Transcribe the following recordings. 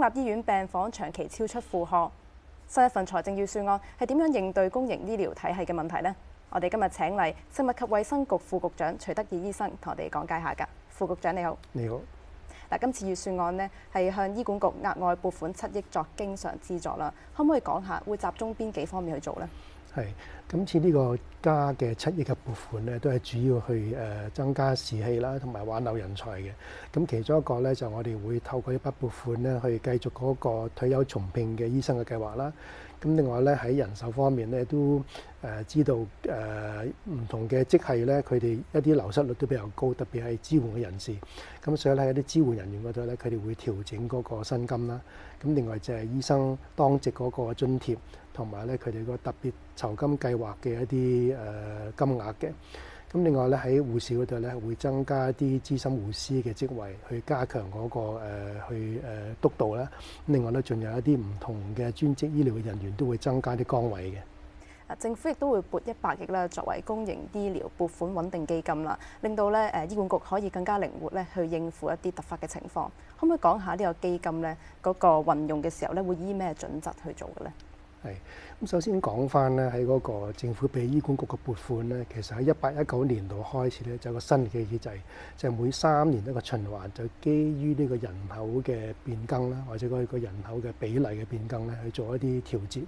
公立醫院病房長期超出負荷，新一份財政預算案係點樣應對公營醫療體系嘅問題呢？我哋今日請嚟食物及衛生局副局長徐德義醫生同我哋講解下噶。副局長你好，你好。嗱好，今次預算案呢係向醫管局額外撥款七億作經常資助啦，可唔可以講下會集中邊幾方面去做呢？係，今次呢個加嘅七億嘅撥款咧，都係主要去誒增加士氣啦，同埋挽留人才嘅。咁其中一個咧，就我哋會透過一筆撥款咧，去繼續嗰個退休重聘嘅醫生嘅計劃啦。咁另外咧，喺人手方面咧都誒、呃、知道誒唔、呃、同嘅職系咧，佢哋一啲流失率都比較高，特別係支援嘅人士。咁所以咧喺啲支援人員嗰度咧，佢哋會調整嗰個薪金啦。咁、啊、另外就係醫生當值嗰個津貼同埋咧佢哋個特別酬金計劃嘅一啲誒、呃、金額嘅。咁另外咧喺護士嗰度咧會增加一啲資深護師嘅職位，去加強嗰個誒去誒督導啦。另外咧，仲有一啲唔同嘅專職醫療嘅人員都會增加啲崗位嘅。啊，政府亦都會撥一百億啦，作為公營醫療撥款穩定基金啦，令到咧誒醫管局可以更加靈活咧去應付一啲突發嘅情況。可唔可以講下呢個基金咧嗰個運用嘅時候咧會以咩準則去做嘅咧？係，咁首先講翻咧，喺嗰個政府俾醫管局嘅撥款咧，其實喺一八一九年度開始咧，就有個新嘅機制，就係每三年一個循環，就基於呢個人口嘅變更啦，或者佢個人口嘅比例嘅變更咧，去做一啲調節。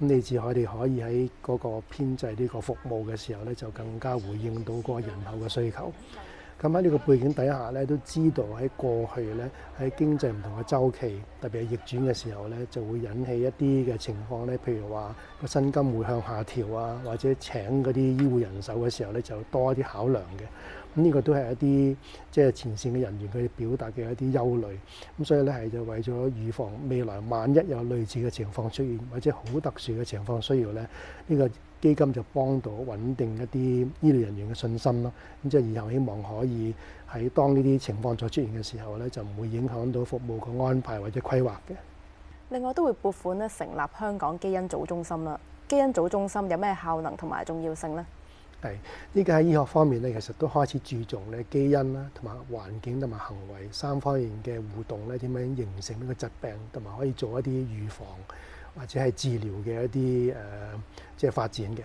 咁你至我哋可以喺嗰個編制呢個服務嘅時候咧，就更加回應到嗰個人口嘅需求。咁喺呢個背景底下咧，都知道喺過去咧，喺經濟唔同嘅週期，特別係逆轉嘅時候咧，就會引起一啲嘅情況咧。譬如話個薪金會向下調啊，或者請嗰啲醫護人手嘅時候咧，就多一啲考量嘅。呢個都係一啲即係前線嘅人員佢表達嘅一啲憂慮，咁所以咧係就為咗預防未來萬一有類似嘅情況出現，或者好特殊嘅情況需要咧，呢個基金就幫到穩定一啲醫療人員嘅信心咯。咁即係以後希望可以喺當呢啲情況再出現嘅時候咧，就唔會影響到服務嘅安排或者規劃嘅。另外都會撥款咧成立香港基因組中心啦。基因組中心有咩效能同埋重要性呢？係，依家喺醫學方面咧，其實都開始注重咧基因啦，同埋環境同埋行為三方面嘅互動咧，點樣形成呢個疾病，同埋可以做一啲預防或者係治療嘅一啲誒、呃，即係發展嘅。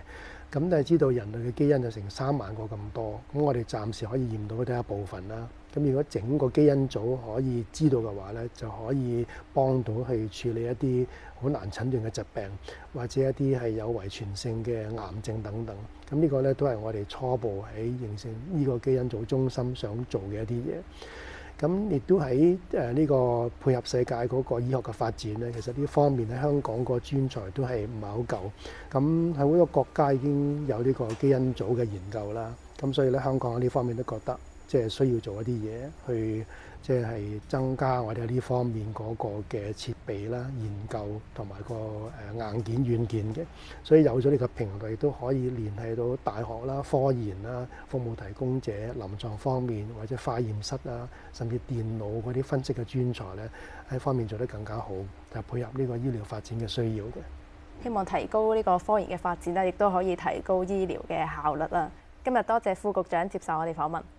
咁但係知道人類嘅基因就成三萬個咁多，咁我哋暫時可以驗到嘅都係一部分啦。咁如果整個基因組可以知道嘅話咧，就可以幫到去處理一啲好難診斷嘅疾病，或者一啲係有遺傳性嘅癌症等等。咁呢個咧都係我哋初步喺形成呢個基因組中心想做嘅一啲嘢。咁亦都喺誒呢個配合世界嗰個醫學嘅發展咧，其實呢方面咧香港個專才都係唔係好夠。咁喺好多國家已經有呢個基因組嘅研究啦。咁所以咧香港喺呢方面都覺得。即係需要做一啲嘢，去即係增加或者呢方面嗰個嘅設備啦、研究同埋個誒硬件、軟件嘅。所以有咗呢個平台，都可以聯繫到大學啦、科研啦、服務提供者、臨床方面或者化驗室啊，甚至電腦嗰啲分析嘅專才咧，喺方面做得更加好，就配合呢個醫療發展嘅需要嘅。希望提高呢個科研嘅發展啦，亦都可以提高醫療嘅效率啦。今日多謝副局長接受我哋訪問。